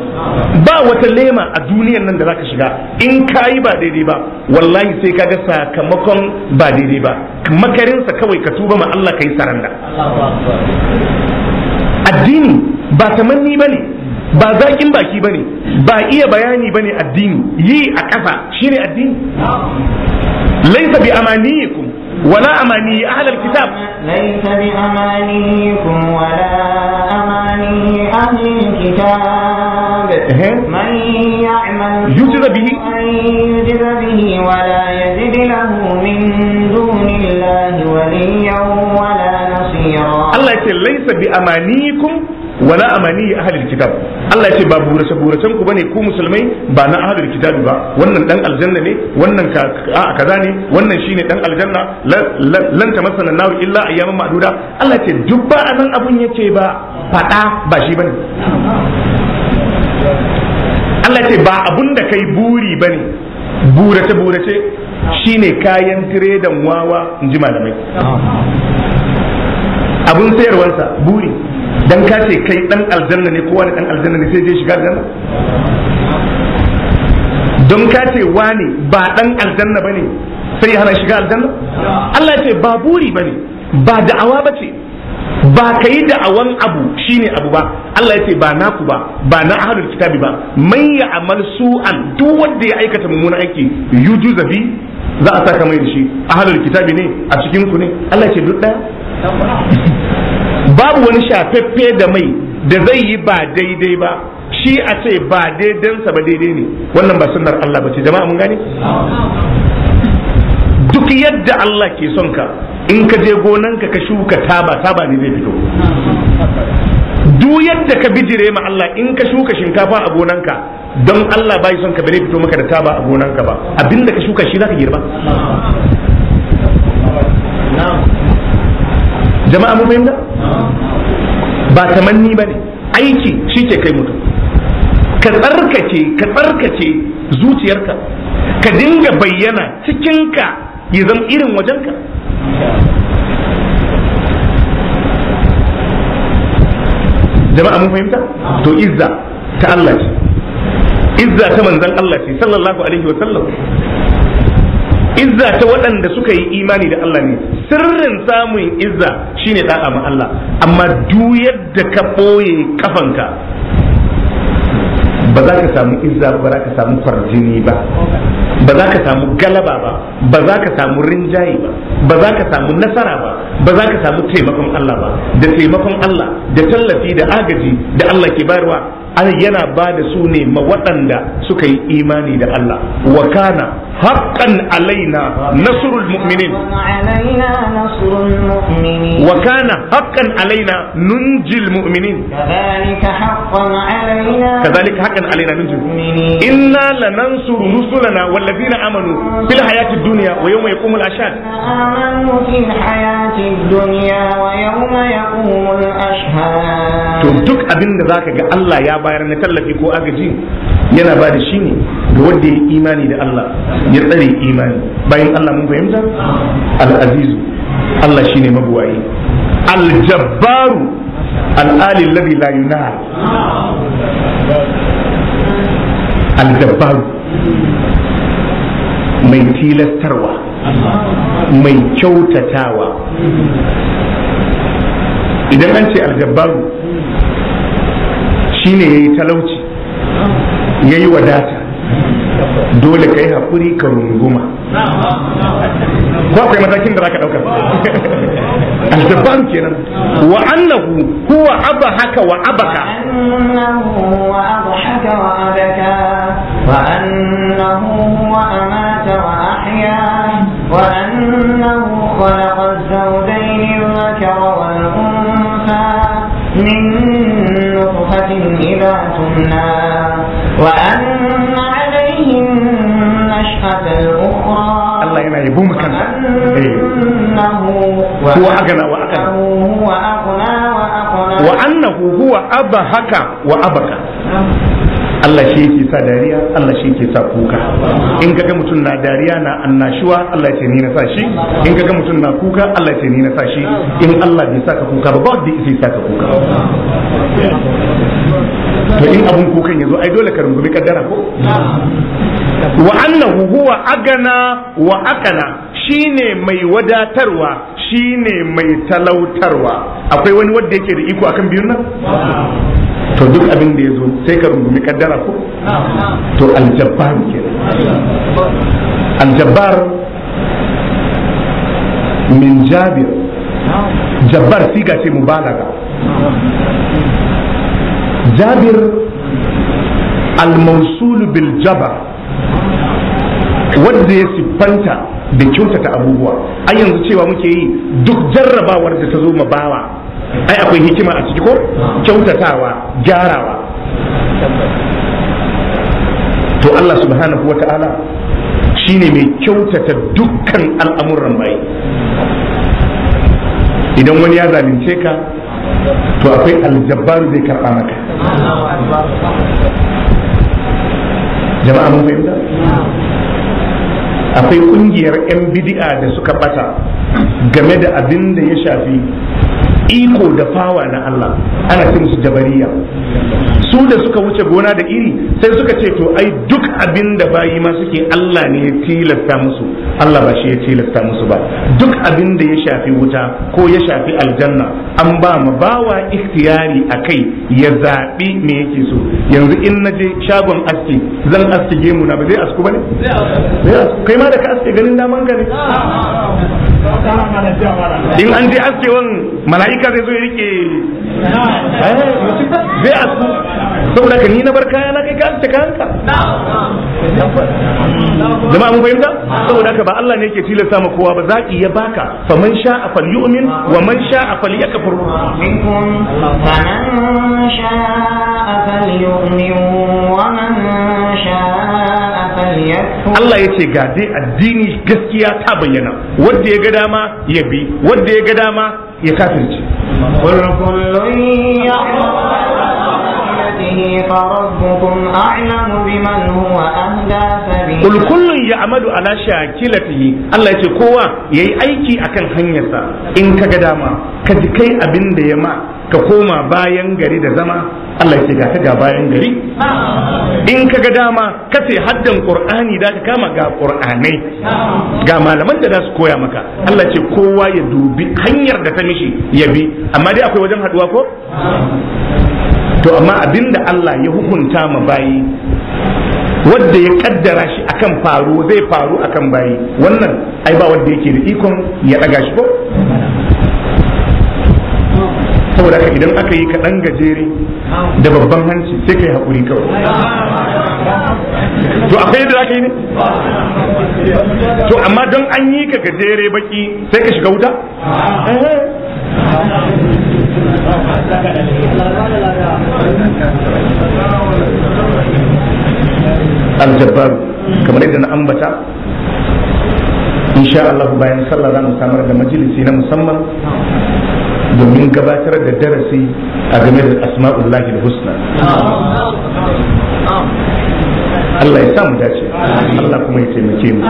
ba wata lema a duniyar nan da za ka shiga in ka yi ba daidai ba wallahi sai ka ga sakamakon ba daidai ba makarinsa kawai ka tuba ma Allah ka yi saranda addini ba tamanni ba ne ba zaƙin baki ba ne ba iya bayani ba ne addini yi a ƙasa shine addini laisa bi amaniyikum ولا أماني أهل الكتاب ليس بأمانيكم ولا أماني أهل الكتاب إيه؟ من يعمل يجد به يجد به ولا يجد له من دون الله وليا ولا نصيرا الله يقول ليس بأمانيكم wala amani ahlil kitab Allah ce ba burace buracen ku bane ku musulmai ba na ahlil kitab ba wannan dan aljanna ne wannan ka a kaza ne wannan shine dan aljanna lan tamassana nar illa ayyaman ma'duda Allah ce duk ba anan abun yake ba fada ba shi bane Allah ce ba abun da kai buri bane burace burace shine kayan tiredan wawa in abun buri dan ka ce kai dan aljanna ne kowa ne dan aljanna ne sai je shiga aljanna don ka ce wani ba dan aljanna bane sai ya hana shiga aljanna Allah ya ce ba buri bane ba da'awa bace ba ka yi da'awan abu shine abu ba Allah ya ce ba naku ba ba na ahlul kitabi ba man ya amal su'an duk wanda ya aikata mummunan aiki yuju zabi za a saka mai da shi ahlul kitabi ne a cikin ku ne Allah ya ce duk daya babu wani shafaffe da mai da zai yi ba daidai ba shi a ce ba daidansa ba daidai ne wannan ba sunnar Allah ba ce jama'a mun gane duk yadda Allah ke son ka in ka je gonanka ka shuka taba taba ne zai fito duk yadda ka bijire ma Allah in ka shuka shinkafa a gonanka don Allah bai son ka bare fito maka da taba a gonanka ba abinda ka shuka shi zaka girba jama'a mun fahimta ba tamanni ba ne aiki shi ke kai mutum ka tsarkace ka tsarkace zuciyarka ka dinga bayyana cikinka ya zama irin wajenka jama'a mun fahimta to izza ta Allah ce izza ta manzan Allah ce sallallahu alaihi wa sallam izza ta waɗanda suka yi imani da Allah ne sirrin samun izza shine da'a ma Allah amma duk yadda ka ɓoye kafanka ba za ka samu izza ba ba za ka samu farjini ba ba za ka samu galaba ba ba za ka samu rinjaye ba ba za ka samu nasara ba ba za ka samu taimakon Allah ba da taimakon Allah da tallafi da agaji da Allah ke bayarwa yana ba da su ne ma waɗanda suka yi imani da Allah wa kana haqqan alaina nasrul mu'minin wa kana haqqan alaina nunjil mu'minin kadhalika haqqan alaina nunjil inna lanansuru rusulana wal ladina amanu fil hayati dunya wa yawma yaqumul ashhad amanu fil hayati dunya wa yawma yaqumul ashhad to duk abinda zaka ga Allah ya bayar na tallafi ko agaji yana ba da shi ne ga wanda ya imani da Allah ya tsare imani bayan Allah mun fahimta al-azizu Allah shine mabuwayi al-jabbaru al-ali alladhi la yunal al-jabbaru mai tilastarwa mai kyautatawa idan an ce aljabaru shine yayi talauci yayi wadata dole kai hakuri ka runguma ko akwai matakin da zaka dauka aljabaru kenan wa annahu huwa aba haka wa abaka wa annahu huwa amata wa ahya wa annahu khalaqa zawda إذا تمنى وأن عليهم النشأة الأخرى الله كان وأنه هو أغنى وأنه هو Allah shi yake sa dariya Allah shi yake sa kuka in kaga mutum na dariya na annashuwa Allah ce ni na sa shi in kaga mutum na kuka Allah ce ni na sa shi in Allah bai saka kuka ba ba wanda yake kuka to in abun kukan yazo ai dole ka rungumi kaddara ko wa annahu huwa agana wa akana shine mai wadatarwa shine mai talautarwa akwai wani wanda yake da iko akan biyun nan to duk abin da yazo sai ka rungumi kaddara ko to aljabbar ke aljabbar min jabir jabbar siga ce mubalaga jabir almasulu biljaba wanda ya siffanta da kyautata abubuwa ai yanzu cewa muke yi duk jarrabawar da ta zo ma bawa ai akwai hikima a ciki ko kyautatawa gyarawa to Allah subhanahu wata'ala shine mai kyautata dukkan al'amuran bai idan wani ya zalunce ka to akwai aljabbaru zai karɓa maka jama'a mun fahimta akwai kungiyar 'yan bidi'a da suka bata game da abin da ya shafi iko da fawa na Allah ana cin su jabariya su da suka wuce gona da iri sai suka ce to ai duk abin da bayi ma suke Allah ne ya tilasta musu Allah ba shi ya tilasta musu ba duk abin da ya shafi wuta ko ya shafi aljanna an ba ma bawa ikhtiyari a kai ya zaɓi me yake so yanzu in na je shagon aski zan aski gemu na ba zai asku ba ne kai ma da ka aske ganin daman ka ne in an je wani mala'ika zai zo ya rike zai asu saboda ka ni na bar kaya na kai ka aske kayanka jama'a mun fahimta saboda ka ba Allah ne yake tilasta ma kowa ba zaki ya baka fa man sha a wa man sha'a wa minkum sha a fal wa man sha'a Allah ya ce ga dai addini gaskiya ta bayyana wanda ya ga dama ya bi wanda ya ga dama ya kafirce. Kullum به فربكم أعلم بمن هو أهدى سبيلا قل كل يعمل على شاكلته الله يتي كوا يي أيكي أكن هنيسا إن كقداما كتكي أبن ديما كقوما باين Allah دزما الله يتي كاكا bayan gari. in ka ga dama ka haddan qur'ani da ka kama ga qur'anai ga malaman da za su koya maka Allah ce kowa ya dubi hanyar da ta mishi ya bi amma dai akwai wajen haduwa ko to amma abinda Allah ya hukunta ma bayi wadda ya kaddara shi akan faru zai faru akan bayi wannan ai ba wanda yake da ikon ya daga shi ko saboda ka idan aka yi kaɗan gajere da babban hanci sai ka yi haƙuri kawai to akwai yadda aka yi ne to amma don an yi ka gajere baki sai ka shiga wuta aljabbar kamar yadda na ambata insha Allah bayan sallah za mu samar da majalisi na musamman domin gabatar da darasi a game da asma'ullahi da husna Allah ya samu dace Allah kuma ya taimake mu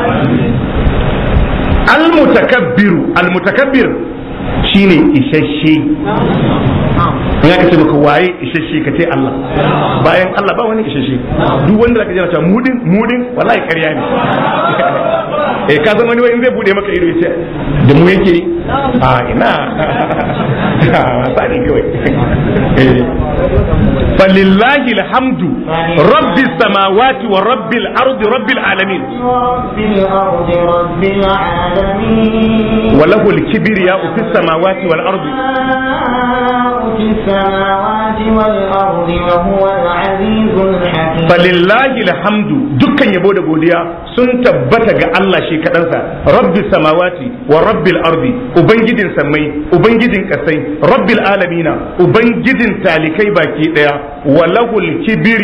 al-mutakabbiru al-mutakabbir ne isasshe in aka ce maka waye isasshe ka ce Allah bayan Allah ba wani isasshe duk wanda zaka ji na cewa mudin mudin wallahi ƙarya ne eh ka san wani wani zai bude maka ido yace da mu yake ne a ah, ina ah, sani kawai eh. فلله الحمد رب السماوات ورب الأرض رب العالمين وله الكبرياء في السماوات والأرض Falillahi da yabo da godiya sun tabbata ga Allah shi kaɗansa, wa rabbi al’arbi, Ubangijin samai, Ubangijin ƙasai, rabbi al’alamina, Ubangijin talikai baki ɗaya, wa lahul kibir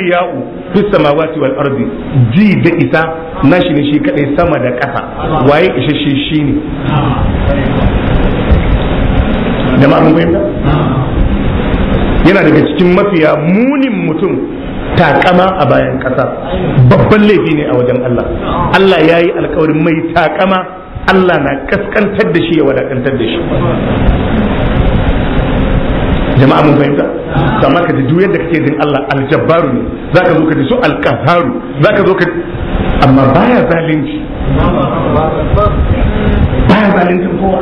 da isa na shi sama da ƙasa, waye ishe yana daga cikin mafiya munin mutum takama a bayan ƙasa babban laifi ne a wajen Allah Allah ya yi alkawarin mai takama Allah na kaskantar da shi ya wadakantar da shi jama'a mun fahimta amma ka ji yadda kake jin Allah aljabbaru ne zaka zo ka ji su za ka zo ka amma baya zalunci baya zalunci kowa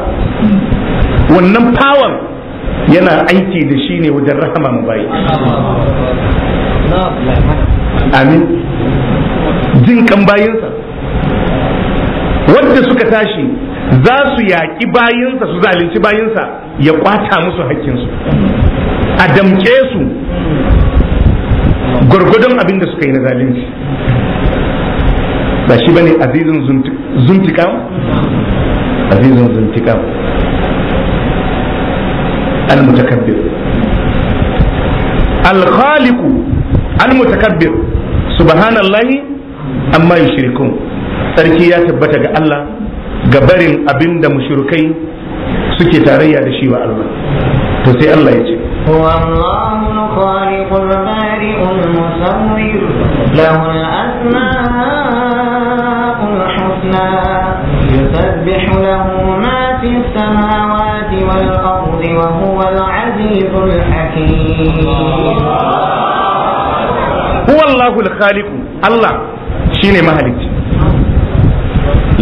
wannan power yana aiki da shi ne wajen rahama mu bai amin jin kan bayinsa wadda suka tashi za su yaƙi bayinsa su zalunci bayinsa ya kwata musu hakkinsu a damƙe su gwargwadon abin da suka yi na zalunci ba shi bane azizin zuntikam azizin zuntikam Alkhaliku المتكبر الخالق المتكبر سبحان الله أما يشركون تركيا تبتغ الله gabarin abin da mushrikai suke tarayya da shi wa Allah to sai Allah ya ce Allah في السماوات والأرض وهو العزيز الحكيم هو الله الخالق الله شيني مهلك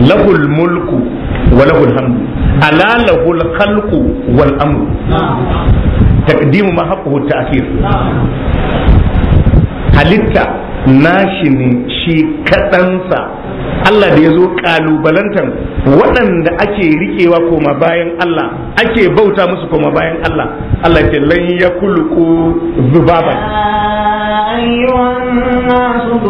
له الملك وله الحمد ألا له الخلق والأمر تقديم ما حقه التأخير halitta nashi ne shi kaɗansa Allah da ya zo kalubalantar waɗanda ake riƙewa koma bayan Allah ake bauta musu koma bayan Allah Allah ke lan ya kuluku zubaba ayyuhan nasu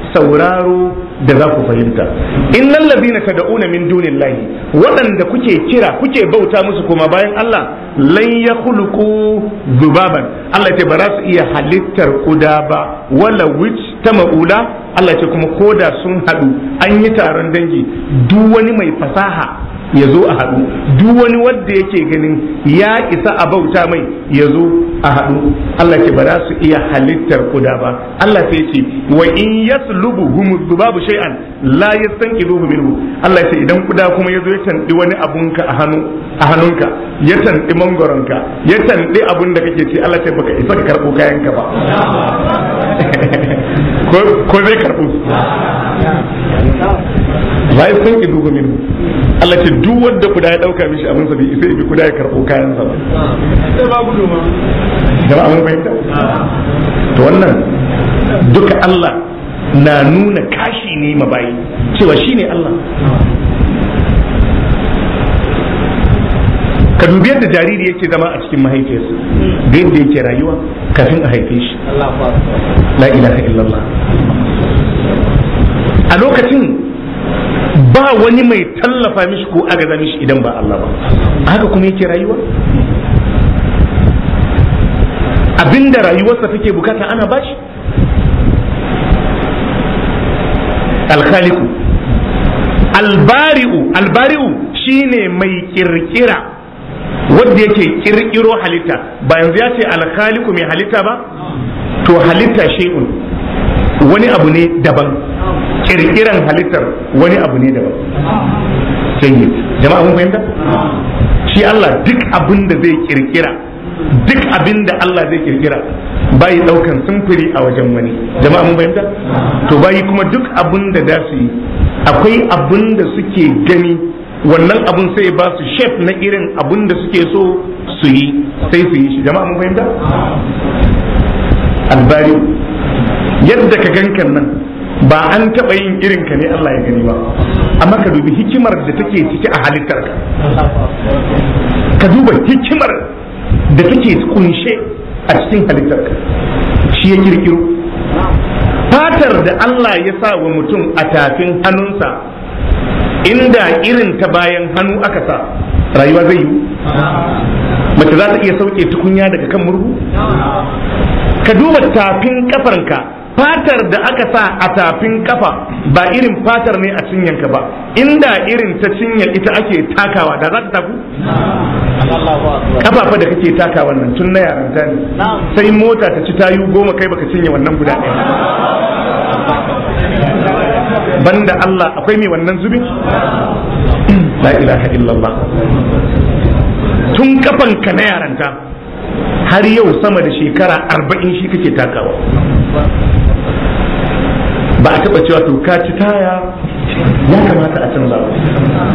sauraro da za ku fahimta innal ladina tad'una min dunillahi waɗanda kuke kira kuke bauta musu kuma bayan Allah lan yakhluqu zubaban Allah ce ba za su iya halittar kuda ba wala wich ta ma'ula Allah ce kuma koda sun haɗu an yi taron dangi duk wani mai fasaha ya zo a haɗu duk wani wanda yake ganin ya isa a bauta mai ya zo a haɗu Allah ce ba za su iya halittar kuda ba Allah sai ce wa in yaslubu humu babu shay'an la yastanqidu minhu Allah ce idan kuda kuma ya zo ya tandi wani abunka a hannu a hannunka ya tandi ka. ya tandi abun da kake ci Allah ce baka isa ka karbo ka ba ko zai karbo ba yastanqidhuhu minhu Allah ce duk wanda kuda ya dauka mishi abin sa bi, isa ibi kuda ya karbo kayan sa ba da ba gudu ma to wannan duka Allah na nuna kashi ne ma bayi cewa shine Allah ka dubi yadda jariri yake zama a cikin mahaifiyarsa da yadda yake rayuwa kafin a haife shi la ilaha illallah a lokacin ba wani mai tallafa mishi ko agaza mishi idan ba Allah ba haka kuma yake rayuwa abinda rayuwarsa take bukata ana bashi alkhaliku albari'u albari'u shine mai kirkira wanda yake kirkiro halitta ba yanzu ya ce alkhaliku mai halitta ba to halitta shay'un wani abu ne daban kirkiran halittar wani abu ne daban sai jama'a mun fahimta shi Allah duk abin da zai kirkira duk abin da Allah zai kirkira bayi daukan sumfuri a wajen wani jama'a mun fahimta to bayi kuma duk abin da za su yi akwai abin da suke gani wannan abun sai ba su shef na irin abin da suke so su yi sai su yi shi jama'a mun fahimta albari yadda ka gankan nan ba an taɓa yin irin ka ne Allah ya gani ba amma ka dubi hikimar da take ciki a halittar ka ka duba hikimar da take kunshe a cikin halittar ka shi ya kirkiro fatar da Allah ya sa wa mutum a tafin hannunsa inda irin ta bayan hannu aka sa rayuwa zai yi mace za ta iya sauke tukunya daga kan murhu ka duba tafin kafarka fatar da aka sa a tafin kafa ba irin fatar ne a cinyanka ba inda irin ta cinyar ita ake takawa da za ta taku kafafa da kake taka wannan tun na yaranta ne sai mota ta ci tayu goma kai baka cinye wannan guda ɗaya banda Allah akwai mai wannan zubi? la ilaha illallah tun kafanka na yaranta har yau sama da shekara arba'in shi kake takawa ba a taba cewa to ka ci taya ya kamata a canza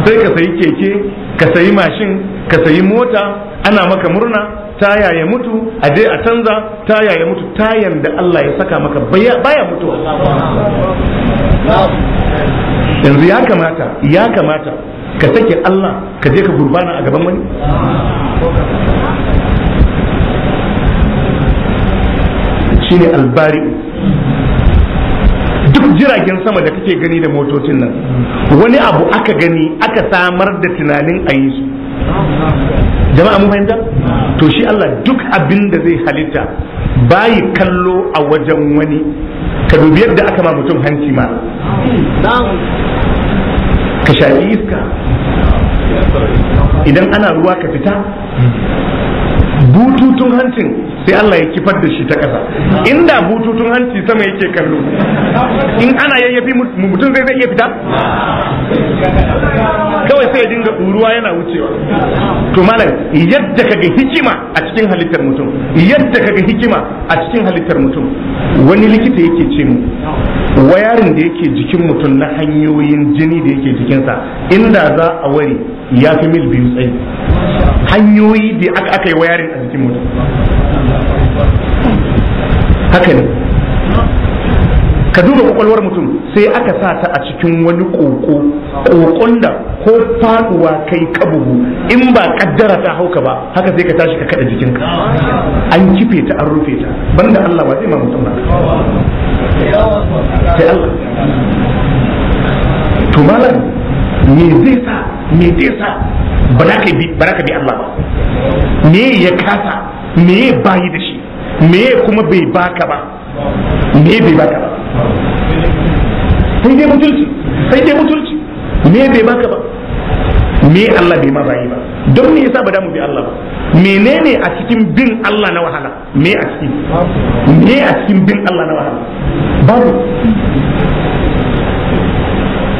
sai ka sayi keke ka sayi mashin ka sayi mota ana maka murna taya ya mutu a je a canza taya ya mutu tayan da Allah ya saka maka baya mutu. yanzu ya kamata ya kamata ka sake Allah ka je ka gurbana a gaban wani shine albari duk jiragen sama da kake gani da motocin nan wani abu aka gani aka samar da tunanin a yi su jama'a mun fahimta to shi Allah duk abin da zai halitta bayi kallo a wajen wani ka dubi yadda aka ma mutum hanci ma ka shaƙi iska idan ana ruwa ka fita bututun hancin sai Allah ya kifar da shi ta ƙasa inda bututun hanci sama yake kallo in ana yayyafi mutum zai zai iya fita kawai sai ya dinga tsuruwa yana wucewa to malam yadda kaga hikima a cikin halittar mutum yadda kaga hikima a cikin halittar mutum wani likita yake ce mu wayarin da yake jikin mutum na hanyoyin jini da yake jikinsa inda za a ware ya fi mil biyu tsayi hanyoyi da aka yi wayarin a jikin mutum haka ne ka duba kwakwalwar mutum sai aka sa ta a cikin wani koko kokon da ko faduwa kai ka in ba kaddara ta hauka ba haka sai ka tashi ka kada jikinka an kife ta an rufe ta banda Allah ba zai ma mutum ba sai Allah to malam me zai sa me zai sa ba za ka bi Allah ba me ya kasa me ya bayi da shi me kuma bai baka ba me bai baka ba sai dai mutunci sai dai mutunci me bai baka ba me Allah bai ma bayi ba don me yasa ba da mu bi Allah ba menene a cikin bin Allah na wahala me a cikin me a cikin bin Allah na wahala babu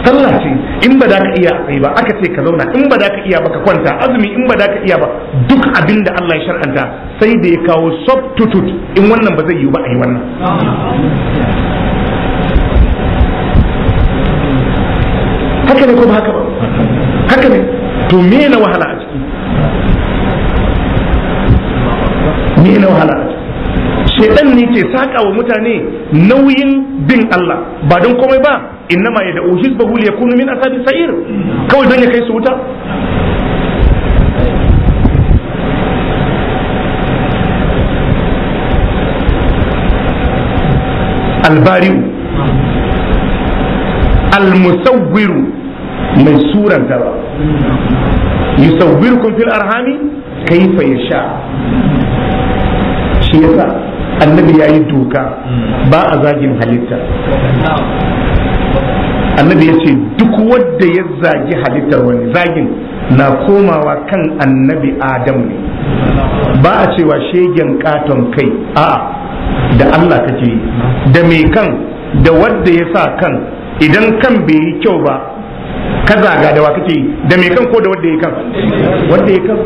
sallah ce in ba za ka iya kai ba aka ce ka zauna in ba za ka iya ba ka kwanta azumi in ba za ka iya ba duk abin da Allah ya shar'anta sai da ya kawo substitute in wannan ba zai yiwu ba a yi wannan haka ne ko ba haka ba haka ne to me na wahala a ciki me na wahala shedan ne ke saka wa mutane nauyin bin Allah ba don komai ba innama ya da'u hizbahu ya yakunu min ashabi sa'ir kawai don ya kai su wuta albariu almusawwiru mai suran dara yusawwirukum fil arhami kayfa yasha shi yasa annabi ya yi doka ba a zagin halitta annabi ya ce duk wadda ya zagi halittar wani zagin na komawa kan annabi adam ne ba a cewa shegen katon kai a da Allah kake da mai kan da wadda ya sa kan idan kan bai yi kyau ba ka zaga da wa kake da mai kan ko da wadda ya kan wadda ya kan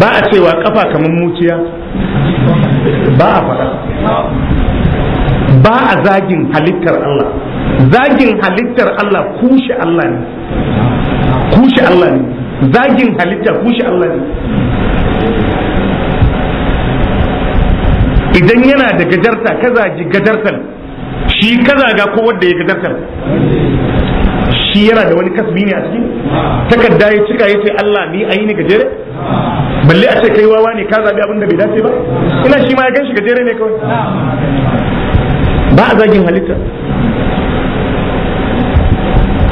ba a cewa kafa kamar muciya ba a faɗa ba a zagin halittar Allah zagin halittar Allah kushe Allah ne kushe Allah ne zagin halittar kushe Allah ne idan yana da gajarta ka zagi gajartar shi ka zaga ko wanda ya gajartar shi yana da wani kasbi ne a ciki takarda ya cika ya ce Allah ni ne gajere balle a ce kai wawa ne ka zabi abin bai dace ba ina shi ma ya gan shi gajere ne kawai ba a zagin halitta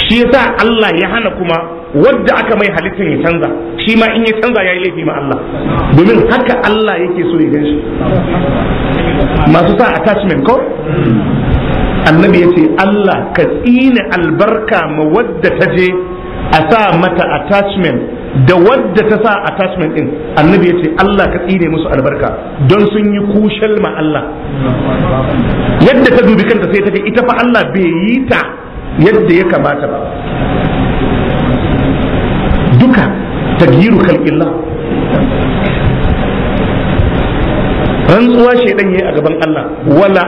shi ya sa Allah ya hana kuma wadda aka mai halittar ya canza shi ma in ya canza ya yi laifi ma Allah domin haka Allah yake so ya gan shi masu sa attachment ko annabi ya ce Allah ka tsine albarka ma wadda ta je a sa mata attachment da wadda ta sa attachment din annabi ya ce Allah ka tsire musu albarka don sun yi kushal ma Allah yadda ta dubi kanta sai ta ga ita fa Allah bai yi ta yadda ya kamata ba duka tagyiru khalqillah rantsuwa ɗan yayi a gaban Allah wala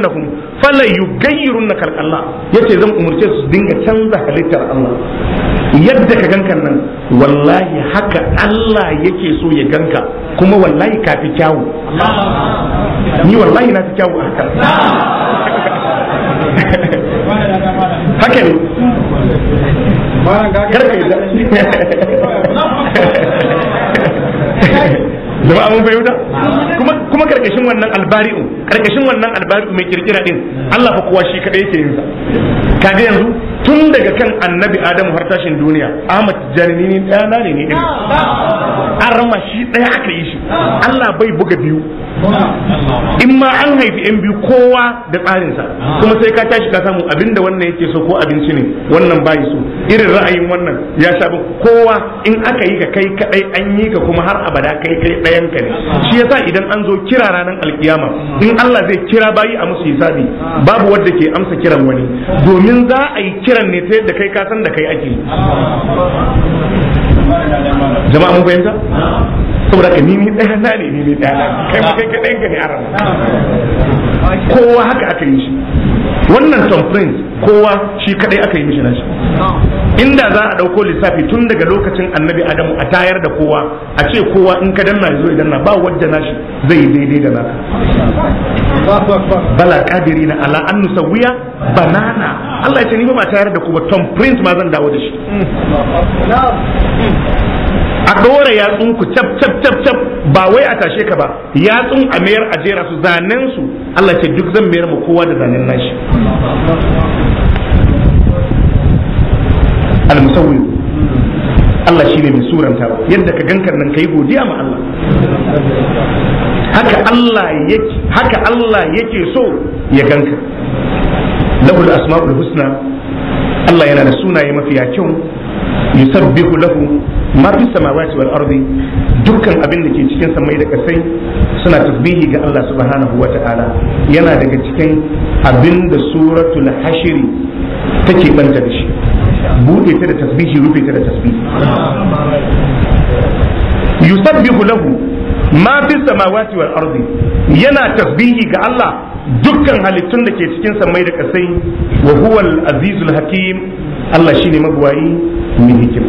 nahum fala yugayyirun na kalkalla ya ce zan umarce su dinga canza halittar Allah yadda ka gankan nan wallahi haka Allah yake so ya ganka kuma wallahi ka fi kyawu ni wallahi na fi kyawu a haka haka ne karka yi zama mun fahimta kuma karkashin wannan albari'u karkashin wannan albari'u mai kirkira din Allah fa kowa shi kadai yake yin sa kaga yanzu tun daga kan annabi adamu har tashin duniya ahmad tijjani ni ɗana ne ɗin irin rama shi ɗaya aka yi shi allah bai buga biyu in ma an haifi yan biyu kowa da tsarinsa kuma sai ka tashi ka samu abinda wannan yake so ko abinci ne wannan bayi so irin ra'ayin wannan ya sha kowa in aka yi ka kai kadai an yi ka kuma har abada kai kai ɗayan ka ne shi yasa idan an zo kira ranar alkiyama in allah zai kira bayi a musu hisabi babu wadda ke amsa kiran wani domin za a yi kiran ne ta yadda kai ka san da kai ake jama'a mun fahimta saboda ka ni ni ɗaya na ne ni ni ɗaya na kai kai ka ɗayan ka ne a kowa haka aka yi shi wannan tom prince kowa shi kadai aka yi mishi nashi inda za a dauko lissafi tun daga lokacin annabi adamu a tayar da kowa a ce kowa in ka danna zo danna ba wadda nashi zai yi daidai da naka bala kadiri na ala an nusawiya banana Allah ya ce ni ba tayar da ku ba tom prince ma zan dawo da shi a ɗora yatsun ku cap cap cap cap ba wai a tashe ka ba yatsun a mayar a jera su zanen su Allah ce duk zan mayar mu kowa da zanen nashi al-musawwi Allah shine mai suranta yadda ka gankan nan kai godiya ma Allah haka Allah yake haka Allah yake so ya ganka lahul asmaul husna Allah yana da sunaye mafiya kyau yusabbihu lahu ma fi samawati wal ardi dukkan abin da ke cikin samai da kasai suna tasbihi ga Allah subhanahu wa ta'ala yana daga cikin abin da suratul hashiri take banta da shi bude ta da tasbihi rufe ta da tasbihi yusabbihu lahu ma fi samawati wal ardi yana tasbihi ga Allah dukkan halittun da ke cikin samai da kasai wa huwal azizul hakim Allah shine magwayi mai hikima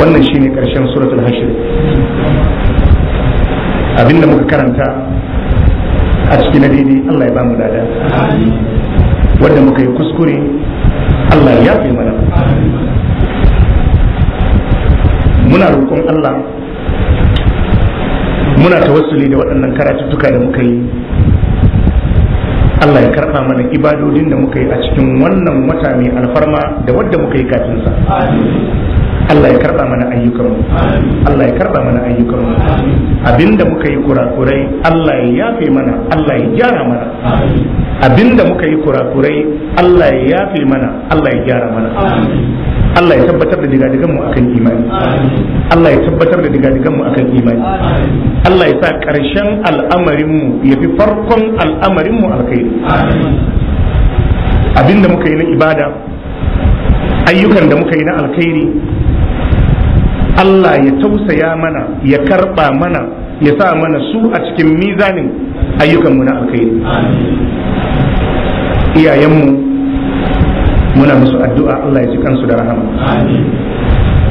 wannan shine karshen suratul hashir abinda muka karanta a cikin daidai Allah ya bamu dada wanda muka yi kuskure Allah ya fi mana muna roƙon Allah muna tawassuli da waɗannan karatuttuka da muka yi Allah ya karɓa mana ibadodin da muka yi a cikin wannan wata mai alfarma da wadda muka yi kafin sa Allah ya karɓa mana ayyukanmu Allah ya karɓa mana ayyukanmu abinda muka yi kurakurai Allah ya yafe mana Allah ya gyara mana abinda muka yi kurakurai Allah ya yafe mana Allah ya gyara mana Allah ya tabbatar da digadigan mu akan imani Allah ya tabbatar da digadigan mu akan imani Allah ya sa ƙarshen al'amarin mu ya fi farkon al'amarin mu alkhairi da muka yi na ibada ayyukan da muka yi na alkhairi Allah ya tausaya mana ya karba mana ya sa mana su a cikin mizanin mu na alkhairi iyayenmu muna musu addu'a Allah ya ji kansu da rahama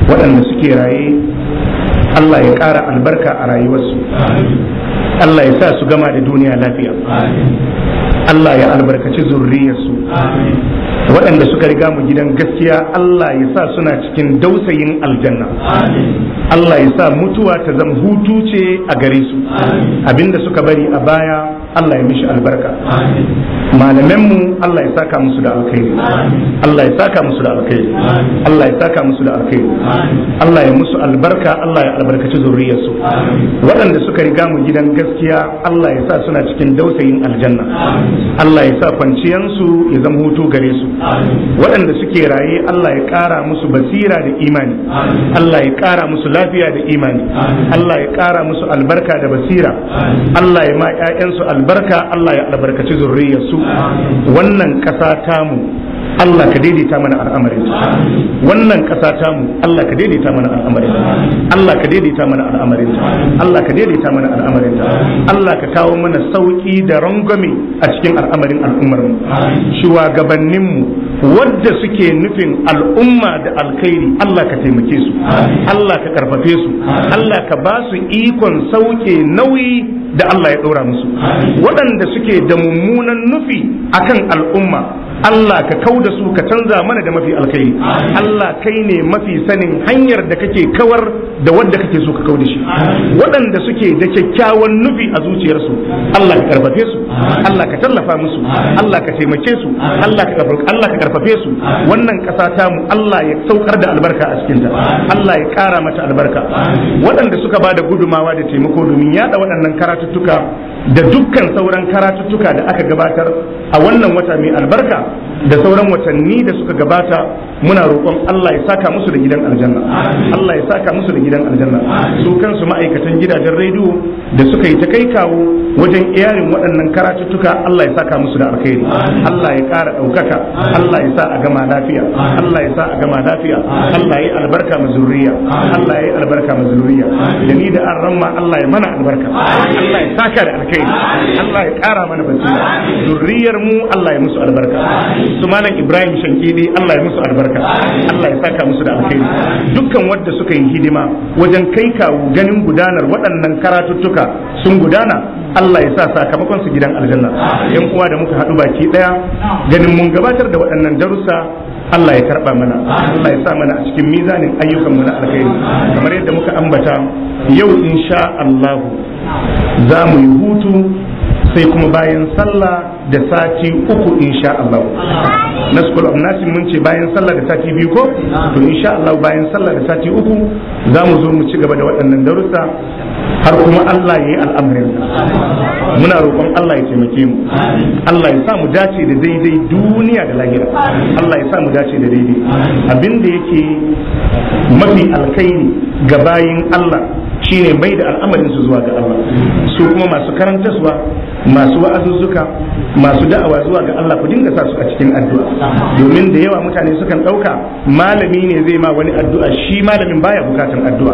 waɗanda suke raye Allah ya ƙara albarka a rayuwarsu Allah ya sa su gama da duniya lafiya Allah ya albarkaci zurriyarsu waɗanda suka riga mu gidan gaskiya Allah ya sa suna cikin dausayin aljanna Allah ya sa mutuwa ta zama hutu ce a gare su abinda suka bari a baya Allah ya mishi albarka malamanmu Allah ya saka musu da alkhairi Allah ya saka musu da alkhairi Allah ya saka musu da alkhairi Allah ya musu albarka Allah ya albarkaci zurriyarsu waɗanda suka riga mu gidan gaskiya gaskiya Allah ya sa suna cikin dausayin aljanna Allah ya sa kwanciyansu ya zama hutu gare su waɗanda suke raye Allah ya ƙara musu basira da imani Allah ya ƙara musu lafiya da imani Allah ya ƙara musu albarka da basira Allah ya ma 'ya'yansu albarka Allah ya albarkaci zurriyarsu wannan ƙasa tamu Allah ka daidaita mana al'amarin wannan ƙasa ta mu Allah ka daidaita mana al'amarin Allah ka daidaita mana al'amarin Allah ka daidaita mana al'amarin Allah ka kawo mana sauki da rangwame a cikin al'amarin al'ummar mu shugabannin mu wadda suke nufin al'umma da alkhairi Allah ka taimake su Allah ka karfafe su Allah ka ba su ikon sauke nauyi da Allah ya ɗora musu waɗanda suke da mummunan nufi akan al'umma Allah ka kau da su ka canza mana da mafi alkai Allah kai ne mafi sanin hanyar da kake kawar da wadda kake so ka kauda shi waɗanda suke da kyakkyawan nufi a zuciyarsu Allah ka karfafe su Allah ka tallafa musu Allah ka taimake su Allah ka Allah ka karfafe su wannan ƙasa ta mu Allah ya saukar da albarka a cikinta Allah ya kara mata albarka waɗanda suka ba da gudumawa da taimako domin yaɗa waɗannan karatuttuka da dukkan sauran karatuttuka da aka gabatar a wannan wata mai albarka da sauran watanni da suka gabata muna roƙon Allah ya saka musu da gidan aljanna Allah ya saka musu da gidan aljanna su kansu ma'aikatan gidajen rediyo da suka yi ta kai kawo wajen iyarin waɗannan karatuttuka Allah ya saka musu da alkhairi Allah ya ƙara ɗaukaka Allah ya sa a gama lafiya Allah ya sa a gama lafiya Allah ya yi albarka ma zuriya Allah ya yi albarka ma zuriya da ni da an ramma Allah ya mana albarka Allah ya saka da alkhairi albarkatai Allah ya kara mana basira zuriyar mu Allah ya musu albarka su malam Ibrahim Shankidi Allah ya musu albarka Allah ya saka musu da alkhairi dukkan wanda suka yi hidima wajen kai kawo ganin gudanar waɗannan karatuttuka sun gudana Allah ya sa sakamakon su gidan aljanna yan uwa da muka haɗu baki ɗaya ganin mun gabatar da waɗannan darussa Allah ya karɓa mana Allah ya sa mana a cikin mizanin ayyukan mu na alkhairi kamar yadda muka ambata yau insha Allah za mu yi hutu hutu sai kuma bayan sallah da sati uku insha Allah na school of nursing mun ce bayan sallah da sati biyu ko to insha Allah bayan sallah da sati uku za mu zo mu ci gaba da waɗannan darussa har kuma Allah ya yi al'amarin muna roƙon Allah ya taimake mu Allah ya sa mu dace da daidai duniya da lahira Allah ya sa mu dace da daidai abin da yake mafi alkaini ga bayin Allah shine mai da al'amarin su zuwa ga Allah su kuma masu karantaswa masu wa'azuzzuka masu da'awa zuwa ga Allah ku dinga sa su a cikin addu'a domin da yawa mutane sukan dauka malami ne zai ma wani addu'a shi malamin baya bukatar addu'a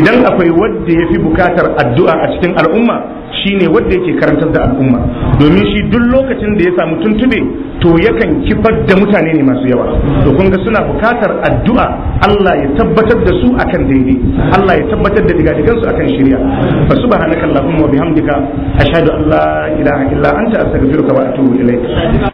idan akwai wanda yafi bukatar addu'a a cikin al'umma shine wanda yake karantar da al'umma domin shi duk lokacin da ya samu tuntube to yakan kifar da mutane ne masu yawa to kun ga suna bukatar addu'a Allah ya tabbatar da su akan daidai Allah ya tabbatar da diga kansu su akan shirya fa allahumma wa bihamdika ashhadu an la ilaha illa anta astaghfiruka wa atubu ilayk